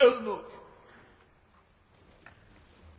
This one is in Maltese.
Illu